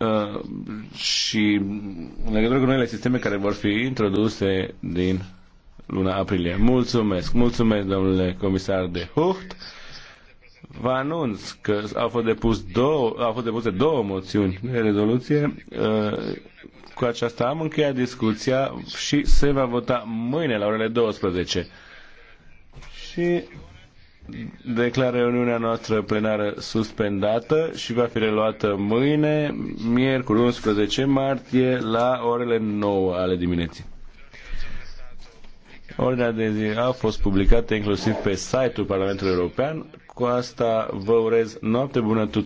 Uh, și în legătură cu noile sisteme care vor fi introduse din luna aprilie. Mulțumesc, mulțumesc domnule comisar de Hucht. Vă anunț că au fost, depus două, au fost depuse două moțiuni de rezoluție. Uh, cu aceasta am încheiat discuția și se va vota mâine la orele 12. Și declară reuniunea noastră plenară suspendată și va fi reluată mâine, miercuri 11 martie, la orele 9 ale dimineții. Ordinea de zi a fost publicată inclusiv pe site-ul Parlamentului European. Cu asta vă urez noapte bună tuturor.